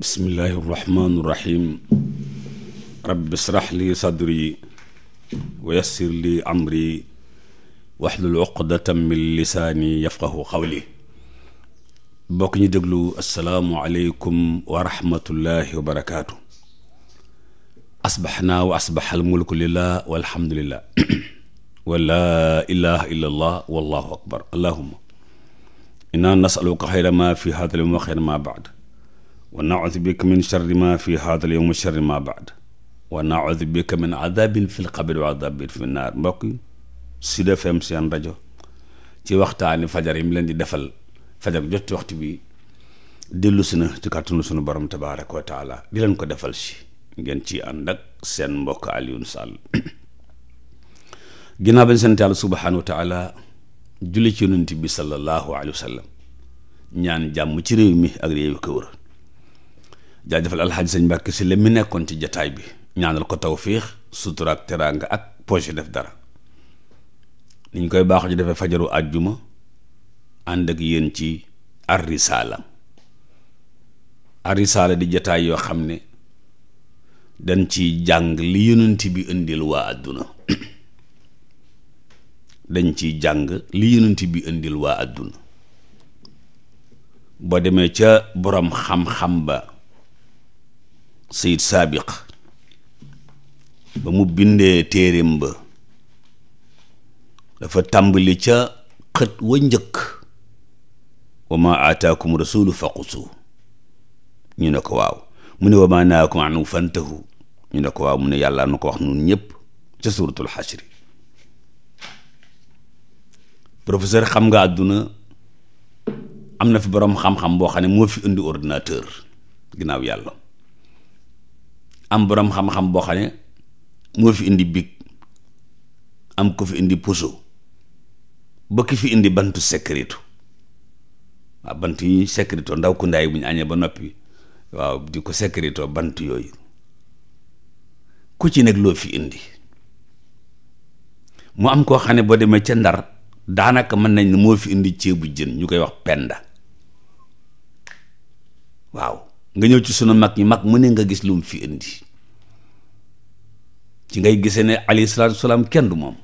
bismillahi irrahmani irrahim rabbi israh li sadri wa yassir li amri waxlul uqdatan min lisaani yafqahu qawli bokk ñu déglu asalaamualeykum wa rahmatullahi wa barakaatu asbaxnaa wa asbaxa almulku lillah walhamdulillah wa laa ilaha illa allah wallahu akbar allahuma inna nasaluka xayra ma fi hada l yowm wa xayra ma baad wa naudu bika min charri ma fi haada al yowm charri ma baad wa naudu bika min adabin fi lqabri wa adabin fi naar mbokk Sud FM seen rajo ci waxtaani fajar yi mu leen di defal fajar jot waxtu bi dellu si na ci kàttanu sunu borom tabaaraka wa taala di leen ko defal si ngeen ci ànd ak seen mbokk Alioune Sall ginnaaw bañ sant yàlla subhaanahu wa taala julli ci yonent bi sallallahu alayhi wa sallam ñaan jàmm ci réew mi ak réew yi ko wër jaajëfal alxaaji sëñ Mbàkke si la mu nekkoon ci jataay bi ñaanal ko tawfiix sutura ak teraanga ak projet def dara niñ koy baax ji defee fajaru àjjuma ànd ak yéen ci Ar-Risala di jataay yoo xam ne dañ ci jàng li yonent àdduna dañ ci jàng li bi indil waa àdduna boo demee ca boroom xam-xam ba sayid saabiq ba mu bindee téeréem ba dafa tàmbali ca xët wa njëkk wa ma aataakum rasulu faqusu ñu ne ko waaw mu ne wa ma naakum anu fantahu ñu ne ko waaw mu ne yàlla na ko wax nun ñëpp ca suratul xashri professeur xam nga àdduna am na fi boroom xam-xam boo xam ne moo fi indi ordinateur ginnaaw yàlla am boroom xam-xam boo xam ne moo fi indi big am ko fi indi puso ba fi indi bantu secrétu waaw bant yi secréto ndaw ku ndaay bu ñu añee ba noppi waaw di ko secréto bant yooyu ku ci nekk loo fi indi mu am koo xam ne boo demee ca ndar daanaka mën nañ ne moo fi indi ceebu jën ñu koy wax penda waaw nga ñëw ci sunu mag ñi mag mu ne nga gis lu mu fi indi ci ngay gisee ne alayhi salaatu kenn du moom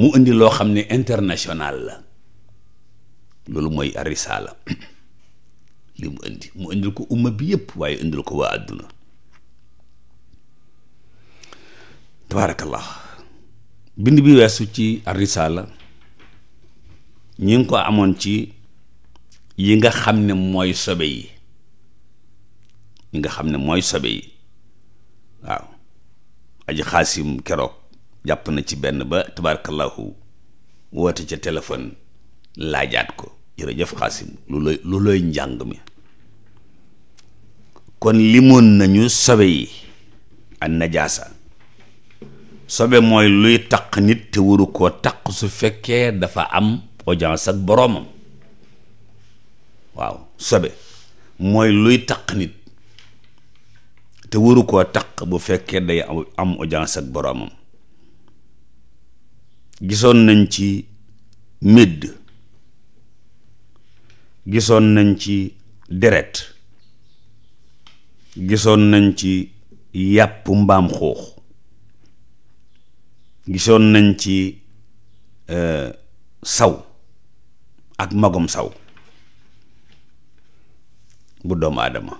mu indi loo xam ne international la loolu mooy arisaala li mu indi mu indil ko umma bi yëpp waaye indil ko waa àdduna tabaarakallah bind bi weesu ci arisaala ñi ngi ko amoon ci yi nga xam ne mooy sobe yi nga xam ne mooy sobe yi waaw aji xaasim keroog jàpp na ci benn ba tabarakallahu woote ca téléphone laajaat ko jërëjëf xaasim lu looy lu looy njàng mi kon limoon nañu sobe yi an najaasa sobe mooy luy taq nit te waru koo taq su fekkee dafa am audience ak boroomam waaw sobe mooy luy taq nit te waru koo taq bu fekkee day am audience ak boroomam gisoon nañ ci médd gisoon nañ ci deret gisoon nañ ci yàpp mbaam xuux gisoon nañ ci euh, saw ak magum saw bu doomu adama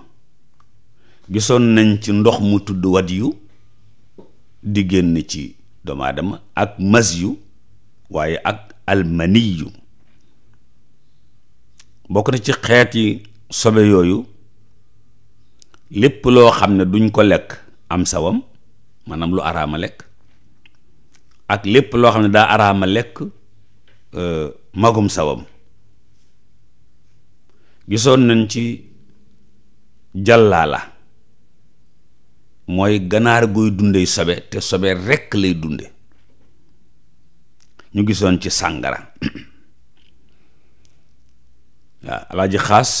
gisoon nañ ci ndox mu tudd wat yu di génn ci doomu aadama ak mas yu waaye ak almani yu bokk na ci xeeti sobe yooyu lépp loo xam ne duñ ko lekk am sawam maanaam lu araama lekk ak lépp loo xam ne daa araama lekk euh, magum sawam gisoon nañ ci jàllaa la mooy ganaar guy dunde sobe te sobe rekk lay dunde ñu gisoon ci sàngara waaw alaaji xaas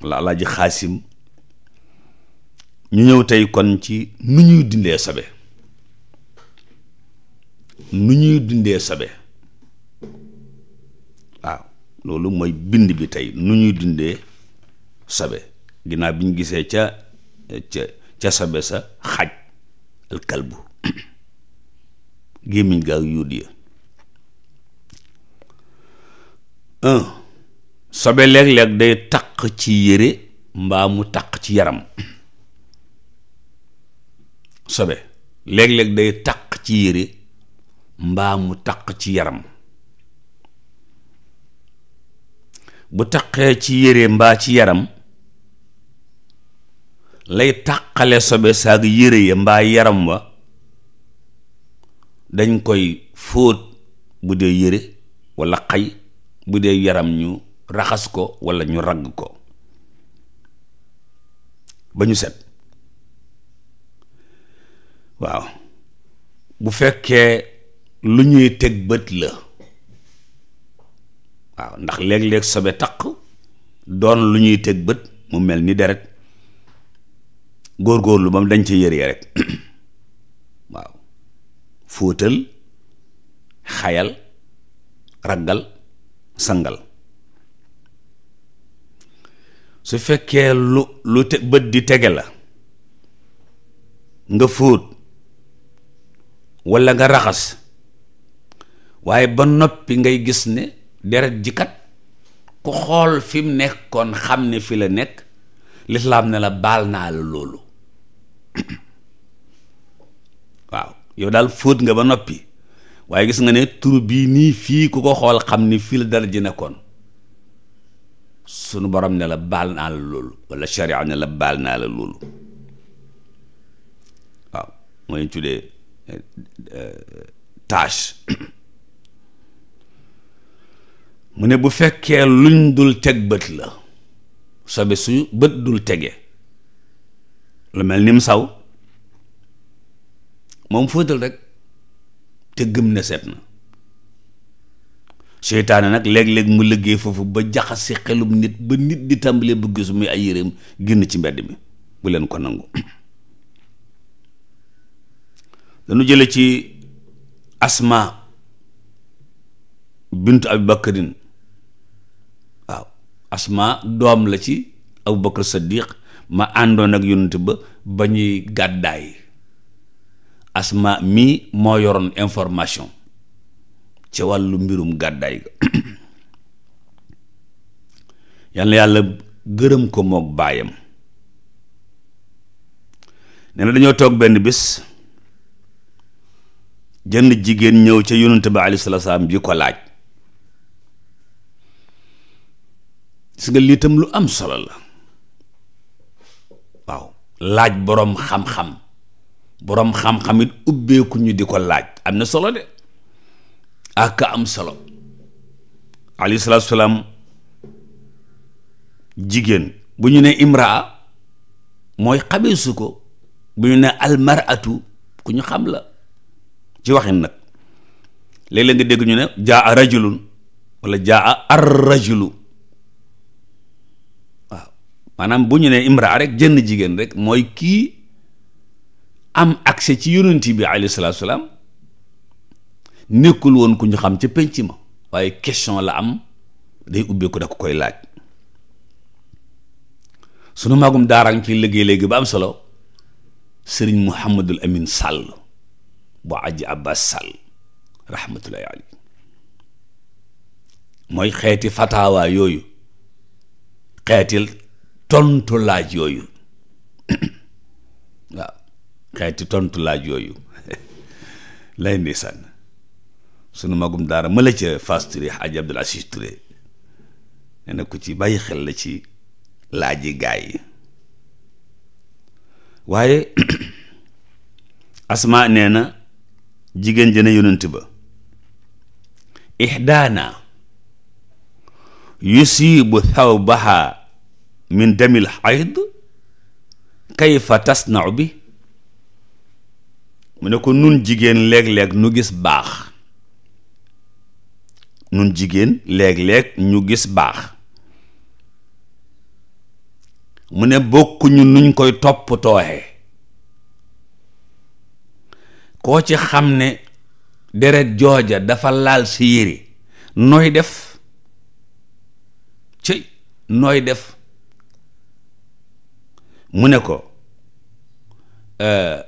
walla alaaji xaasim ñu ñëw tey kon ci nu ñuy dindee sobe nu ñuy dundee sobe waaw loolu mooy bind bi tey nu ñuy dindee sobe ginnaaw bi ñu gisee ca ca ca sabe sa xaj kalbu gémmiñ gaa yuut ya sobe léeg-léeg day taq ci yére mbaa mu taq ci yaram sobe léeg-léeg day taq ci yére mbaa mu taq ci yaram bu taqee ci yére mbaa ci yaram lay tàqale sobe saag yére ya mbaa yaram wa dañ koy fóot bu dee yére walla xay bu dee yaram ñu raxas ko walla ñu ragg ko ba ñu set waaw bu fekkee lu ñuy teg bët la waaw ndax léeg-léeg sobe taq doon lu ñuy teg bët mu mel ni deret góorgóorlu ba mu dañ ci yër ya rek waaw fóotal xayal raggal sëngal su fekkee lu lu te bët di tege la nga fóot walla nga raxas waaye ba noppi ngay gis ne deret ji kat ku xool fim mu nekkoon xam ne fi la nekk lislaam ne la baal naa la loolu waaw yow daal fóot nga ba noppi waaye gis nga ne tur bii nii fii ku ko xool xam ni fii la dara ji nekkoon sunu borom ne la baal naa la loolu wala sharia ne la baal naa la loolu waaw moo ñu tuddee eh, eh, tâche mu ne bu fekkee luñ dul teg bët la sobe su bët dul tege lu mel ni mu saw moom fóotal rek te gëm na set na seytaane nag léeg-léeg mu liggéey foofu ba jaxasi xelum nit ba nit di tàmbalee bëgg su muy ay yéreem génn ci mbedd mi bu leen ko nangu dañu jële ci asma bintu abi bakarin waaw asma doom la ci abou bakar saddiq ma àndoon ak yonent ba ba ñuy gàddaay asma mi moo yoroon information ci wàllu mbirum gàddaay yal na yàlla gërëm ko mook baayam nee dañoo toog benn bis jënd jigéen ñëw ca yonent ba alayhi salaatu salaam ji ko laaj gis nga lii lu am solo la laaj boroom xam-xam boroom xam-xam it ubbeeku ñu di ko laaj am na solo de ak am solo alayhi salaatu salaam jigéen bu ñu ne imraa mooy xabeesu ko bu ñu ne almaratu ku ñu xam la ci waxin nag léeg-léeg nga dégg ñu ne jaa a rajulun wala jaa a maanaam bu ñu nee imraa rek jënn jigéen rek mooy kii am accès ci yonent bi alayhi salaatu salaam nekkul woon ku ñu xam ca penc ma waaye question la am day ubbeeku da ko koy laaj sunu magum daaraan ci liggéey léegi ba am solo sëriñ Mouhamadul Amin Sall bu aji Abbas Sall rahmatullahi alayhi mooy xeeti fataawaa yooyu xeetil tontu laaj yooyu waaw xeeti tontu laaj yooyu lay ndeysaan sunu magum daara ma la ca Fass Touré Hadj Abdoul Aziz ku ci bàyyi xel la ci laaji gaay yi waaye asma nee na jigéen jëne yonent ba ihdaana yusiibu baxa min damil hayd kayfa tasnau bi mu ne ko nun jigéen léeg-léeg nu gis baax nun jigéen léeg-léeg ñu gis baax mu ne bokkuñu nuñ koy topp tooxe koo ci xam ne deret jooja dafa laal si yére nooy def ci nooy def mu ne ko euh,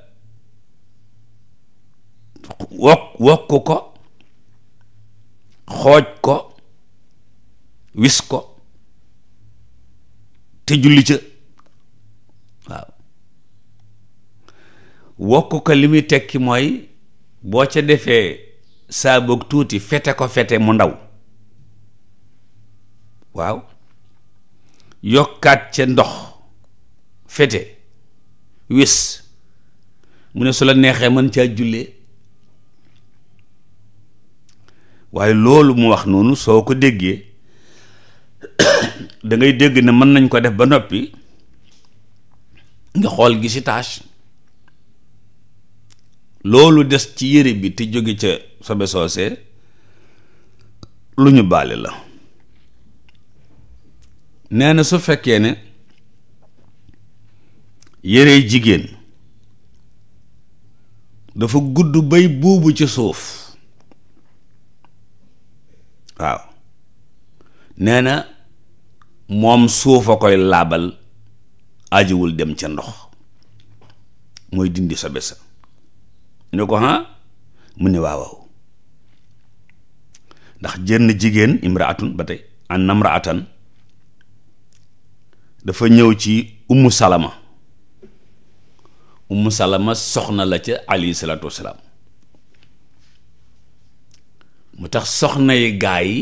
wokk wokk ko xooj ko wis ko te julli ca waaw wokk ko li muy tekki mooy boo ca defee saa tuuti fete ko fete mu ndaw waaw yokkaat ca ndox fete wis mu ne su la neexee mën caa jullee waaye loolu mu wax noonu soo ko déggee dangay dégg ne mën nañ ko def ba noppi nga xool gi si tache loolu des ci yére bi te jóge ca sobe soosee lu ñu baale la nee na su fekkee ne yére jigéen dafa gudd bay buubu ci suuf waaw nee na moom a koy laabal ajiwul dem ca ndox mooy dindi sobe sa ñu ne ko ha mu ne waaw ndax jënn jigéen imraatun ba tey an namraatan dafa ñëw ci ummu salama umu salama soxna la ca alayhi salaatu wasalaam mu tax soxnay yi gaa yi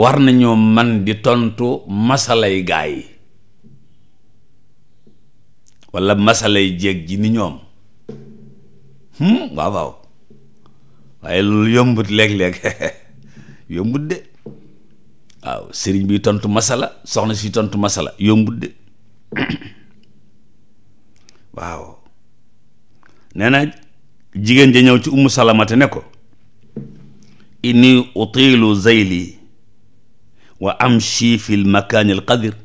war nañoo man di tontu masalay gaa yi walla masalay jéeg ji ni ñoom hmm, waaw waaw waaye loolu yombut léeg-léeg yombut de waaw sëriñ bi tontu masala soxna si tontu masala yombut de waaw nee na jigéen ja ñëw ci umm salamate ne ko inni utilu zayli wa amshi fi l makaani al qadir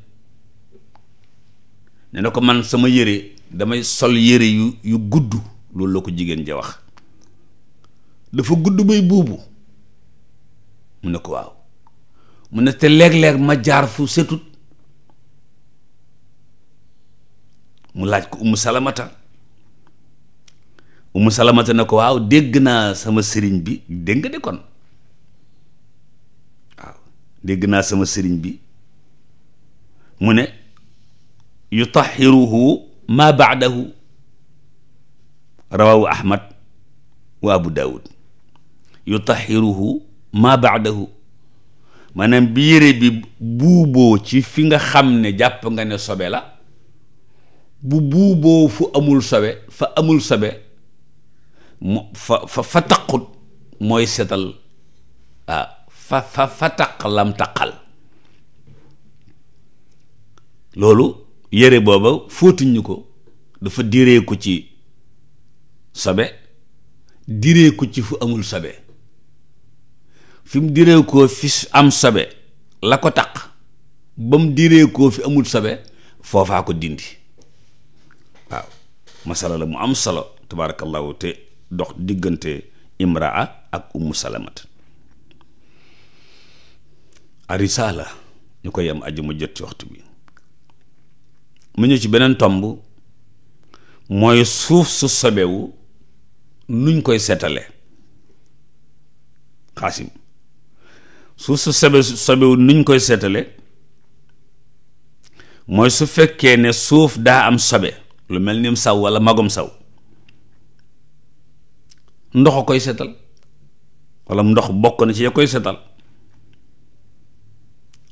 ne na ko man sama yére damay sol yére yu yu gudd loolu la ko jigéen ja wax dafa gudd bay buubu mu ne ko waaw mu ne te léeg-léeg ma jaar fu setut mu laaj ko umu salamata umu salamata ne ko waaw dégg naa sama sëriñ bi dégg nga de kon waaw dégg naa sama sëriñ bi mu ne yutahiruhu ma baadahu rawahu ahmad wa abu daawud yutahiruhu ma baadahu maanaam bi yére bi buuboo ci fi nga xam ne jàpp nga ne sobe la bu buuboo fu amul sobe fa amul sobe mu fa fa fa taqut mooy setal waaw fa fa taqal loolu yére booba fóotuñu ko dafa diree ko ci sobe diree ko ci fu amul sobe fi mu diree ko fi am sobe la ko taq ba mu diree ko fi amul sobe foofaa ko dindi masala la mu am solo tabarakallahu te dox diggante imraa ak ummu salamat arisala ñu koy am ajuma jot ci waxtu bi mu ñëw ci beneen tomb mooy suuf su sobewu nuñ koy setale xaasim suuf su koy setale mooy su fekkee ne suuf daa am sobe lu mel ni saw walla magum saw ndox a koy setal walla ndox bokk na ci ya koy setal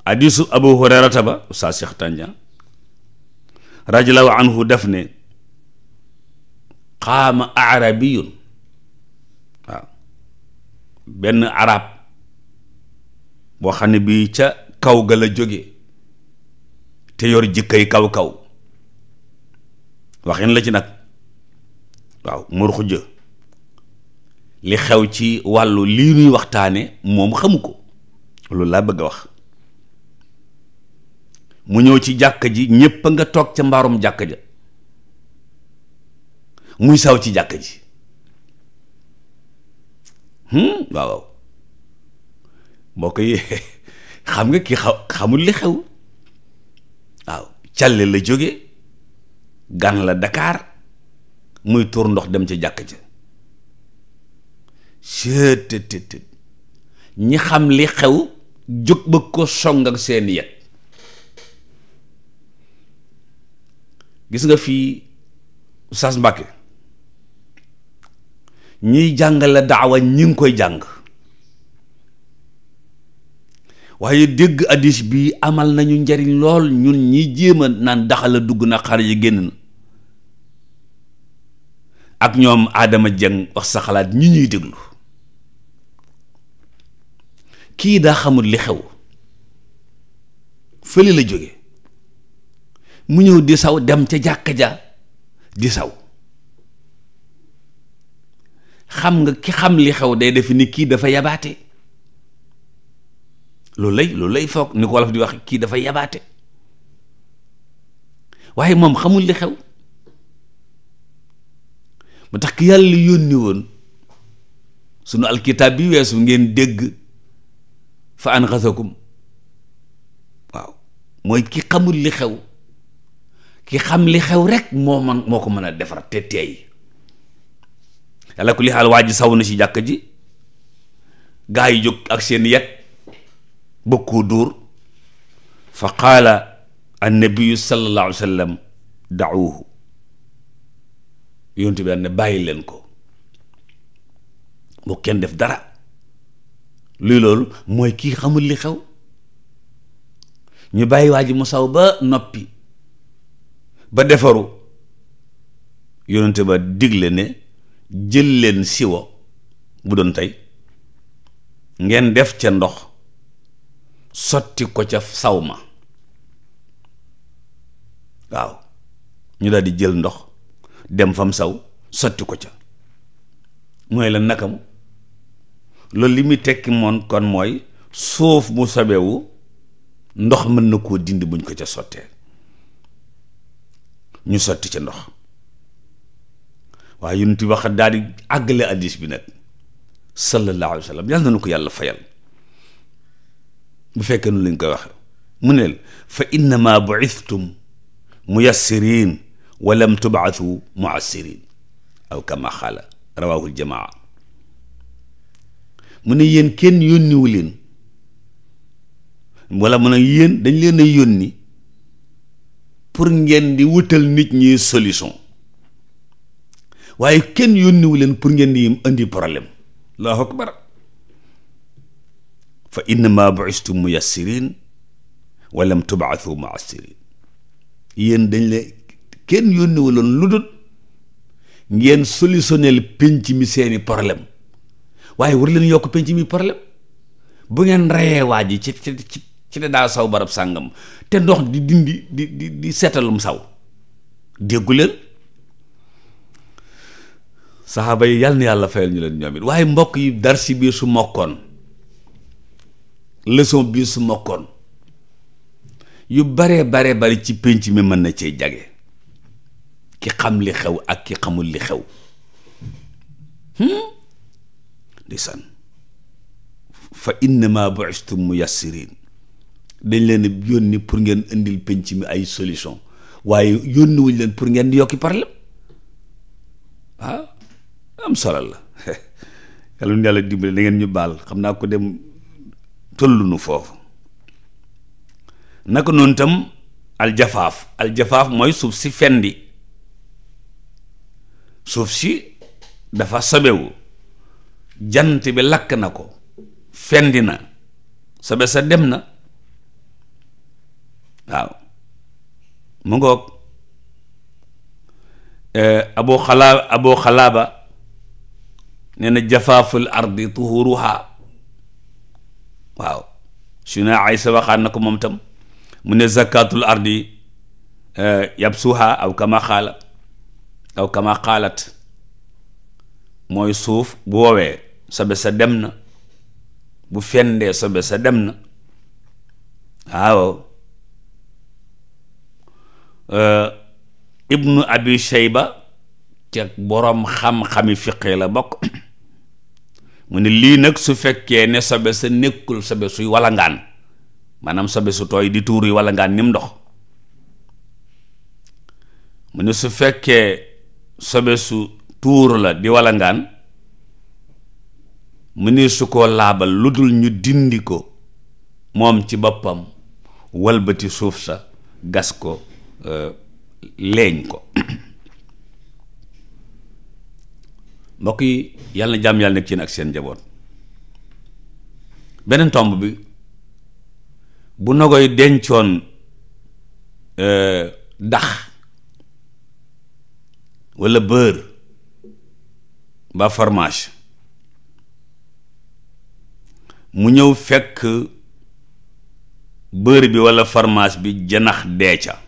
hadiisu abu hurayrata ba ustaas Cheikh Tandian radiallahu anhu def ne xaama arabiyun waaw benn arab boo xam ne bii ca kaw ga la jóge te yor jikkay kaw kaw waxin la ci nag waaw mor li xew ci wàllu lii nuy waxtaane moom xamu ko loolu laa bëgg a wax mu ñëw ci jàkka ji ñépp a nga toog ca mbaarum jàkka ja muy saw ci jàkka ji hmm? waaw waaw boo koy xam nga ki xaw xamul li xew waaw càlle la jóge gan la Dakar muy tuur ndox dem ci jàkk ja sëtëtëtët ñi xam li xew jóg ba ko song ak seen yet gis nga fii Oustaz Mbàkke ñuy jàngale daawa ñi ngi koy jàng waaye dégg addis bii amal nañu njariñ lool ñun ñi jéem a naan daxal a dugg na xar yi génn ak ñoom aadama Jeng wax sa xalaat ñi ñuy déglu kii daa xamul li xew fële la jóge mu ñëw di saw dem ca jàkka ja di saw xam nga ki xam li xew day def ni kii dafa yabaate loolu lay loolu lay foog ni ko wolof di wax kii dafa yabaate waaye moom xamul li xew mu tax ki yàlla yónni woon sunu alkitaab bi weesu ngeen dégg fa an xasakum waaw mooy ki xamul li xew ki xam li xew rek moo man moo ko mën a defar te teey yàlla ku li xaal waa ji saw na si jàkk ji gaa yi jóg ak seen yet bëgg koo dóor fa qaala annabiyu sallallahu alayhi wa sallam daawuhu yontu bi ne bàyyi leen ko bu kenn def dara luy loolu mooy kii xamul li xew ñu bàyyi waa ji mu saw ba noppi ba defaru yonente ba digle ne jël leen siwo bu doon tey ngeen def ca ndox sotti ko ca saw ma waaw ñu daal di jël ndox dem fam saw sotti ko ca mooy la nakam loolu li muy tekki moon kon mooy suuf mu sobewu ndox mën na koo dindi buñ ko ca sottee ñu sotti ca ndox waaye yunti wax daal di àggale addis bi nag sallallahu alayhi wa sallam yàlla na nu ko yàlla fayal bu fekkee nu lañ koy wax mu ne la fa innama buithtum muyassirin wa lam tubaatu muassirin aw kama xaala rawaahul jamaa mu ne yéen kenn yónniwu leen wala mu ne yéen dañ leen a yónni pour ngeen di wutal nit ñi solution waaye kenn yónniwu leen pour ngeen di indi problème allahu akbar fa innama bu'istu mu wa lam tub'athu mu'assirin yéen dañ le kenn yónniwuloon lu dul ngeen solutionnel penc mi seeni problème waaye war leen yokk penc mi problème bu ngeen reyee waa ji ci ci ci ne saw barab sàngam te ndox di dindi di di seetalum saw déggu leen saxaaba yi yàlla na yàlla fayal ñu leen ñoom it waaye mbokk yi dar si biir su mokkoon leçon bi su mokkoon yu baree baree bari ci pénc mi mën na cee jage ki xam li xew ak ki xamul li xew hmm? ndeysaan fa innama buistum muyassirin dañ leen yónni pour ngeen indil penc mi ay solution waaye yónni leen pour ngeen di yokki problème ah am solo la yàlla yàlla dimbale da ngeen ñu baal xam naa ko dem tolluñu foofu naka noonu tam aljafaaf aljafaaf mooy suuf si fendi suuf si dafa sobewu jant bi lakk na ko fendi na sobe sa dem na waaw mu ngoog eh, abu xalaa abu xalaaba nee na jafaaful ardi tuhuruha waaw su ay Aysa waxaan na ko moom tam mu ne zakatul ardi eh, yabsuha aw kama xaala aw kama xaalat mooy suuf bu woowee sobe sa dem na bu fendee sobe sa dem na aw eh, ibnu abi shayba ca borom xam-xami fiqi la bokk mu ne lii nag su fekkee ne sobe sa nekkul sobe suy walangaan maanaam sobe su tooy di tuur yi walangaan ni mu ndox mu ne su fekkee sobe su tuur la di walangaan mu ne su ko laabal lu dul ñu dindi ko moom ci boppam walbati suuf sa gas ko euh, leeñ ko mbokk yi yàlla na jàmm yàlla nekk ci ak seen njaboot beneen tomb bi bu nogoy dencoon euh, dax walla beurre ba fromage mu ñëw fekk bër bi walla fromage bi janax dee ca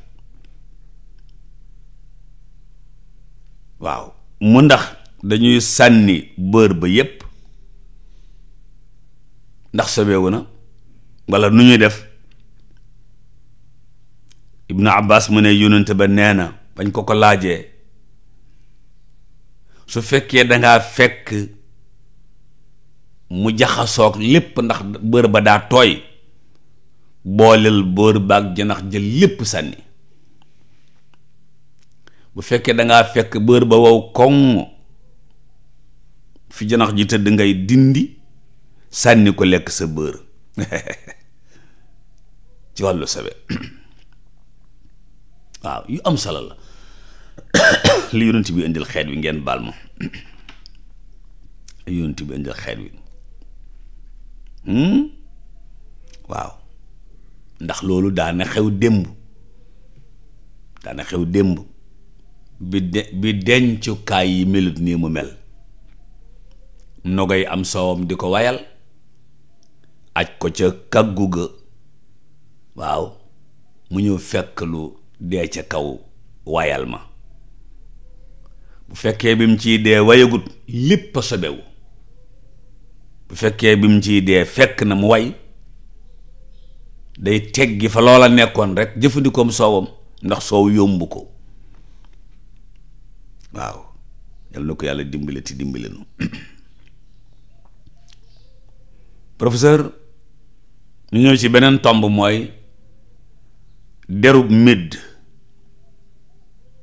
waaw mu ndax dañuy sànni bër ba yépp ndax sobeewu na walla nu ñuy def ibnu abbas mu ne yonent ba nee na bañ ko ko laajee su fekkee dangaa fekk mu jaxasoog lépp ndax bër ba daa tooy booleel bër ba ak janax jël lépp sànni bu fekkee dangaa fekk bër ba wow koŋ fi janax ji tëdd ngay dindi sànni ko lekk sa bër ci wàllu sabe waaw yu am solo la li yonent bi indil xeet wi ngeen baal ma li yonent bi indil xeet wi hmm? waaw ndax loolu daana xew démb daana xew démb bi de bi dencukaay yi melut nii mu mel nogay am soowam di ko wayal aj ko ca kaggu ga waaw mu ñëw fekk lu dee ca kaw wayal ma bu fekkee bi mu ciy dee wayagut lépp a sobewu bu fekkee bi mu ciy dee fekk na mu way day teggi fa loola nekkoon rek jëfandikoom soowam ndax soow yomb ko waaw yal na ko yàlla dimbale ti dimbale nu professeur ñu ñëw ci beneen tomb mooy derub médd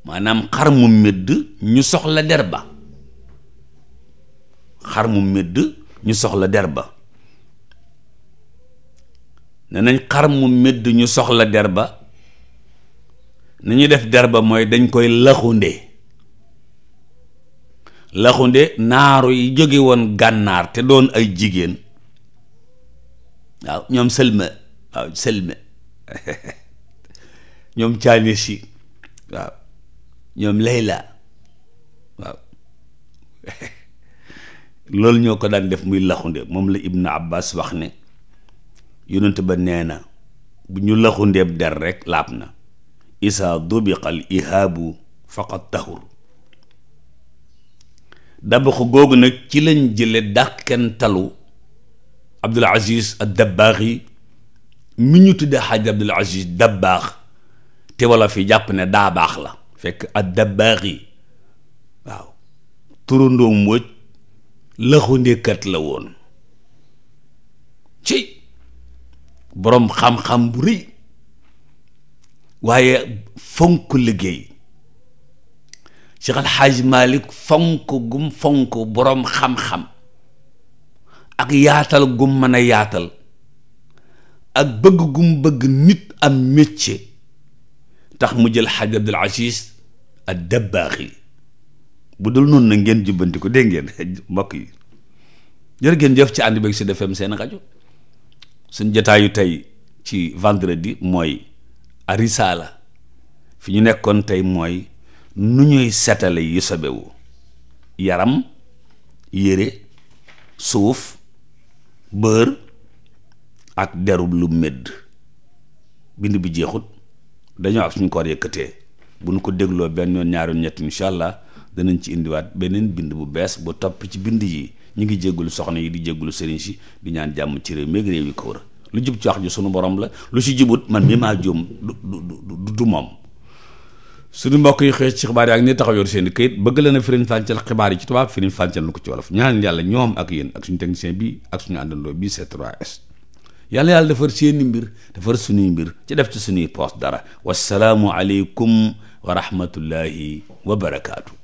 maanaam xar mu médd ñu soxla der ba xar mu médd ñu soxla der ba ne nañ xar mu ñu soxla der ba ni def der ba mooy dañ koy laxunde laxunde naaru yi jóge woon gànnaar te doon ay jigéen waaw ñoom sëlma waaw sëlma ñoom caane si waaw ñoom layla waaw loolu ñoo ko daan def muy laxunde moom la Ibn Abbas wax ne yonent ba nee na bu ñu laxundeeb der rekk laab na isaa dubiqal ihaabu faqat tahur dabaxu googu nag ci lañ jële dàkkantalu Abdul Aziz ad Dabbaax yi mi ñu tuddee xaaj Abdul Aziz Dabbaax te wala fi jàpp ne daa baax la fekk ad Dabbaax yi waaw turandoo mbóoj lëxu ndékkat la woon ci boroom xam-xam bu rëy waaye fonk liggéey Cheikh Al Hadj fonk gum fonk boroom xam-xam ak yaatal gum mën a yaatal ak bëgg gum bëgg nit am métier tax mu jël xaj Abdul Aziz ad Dabbaaxi bu dul noonu na ngeen jubbanti ko ngeen mbokk yi jërë ngeen jëf ci ànd beeg Sud FM seen rajo suñ jotaayu tey ci vendredi mooy arisaala fi ñu nekkoon tey mooy nu ñuy setale yi sobewu yaram yére suuf beurre ak deru lu medd bind bi jeexut dañoo ak suñ ko war yëkkatee bu ñu ko dégloo benn yoon ñaari yoon ñett allah danañ ci indiwaat beneen bind bu bees bu topp ci bind yi ñu ngi jéggulu soxna yi di jéggulu sëriñ si di ñaan jàmm ci réew méeg réew yi ko lu jub ci wax ji sunu borom la lu si jubut man mi maa juum du du du du moom suñu mbokk yi xëy ci xibaar yi ak ni taxaw yor seen i këyit bëgg leen a firin fàncal xibaar yi ci tubaab firin fàncal nu ko ci wolof ñaan yàlla ñoom ak yéen ak suñu technicien bi ak suñu àndandoo bi C3S yàlla yàlla defar seeni mbir defar suñuy mbir ci def ci suñuy poos dara wasalaamu aleykum wa rahmatullahi wa barakaatu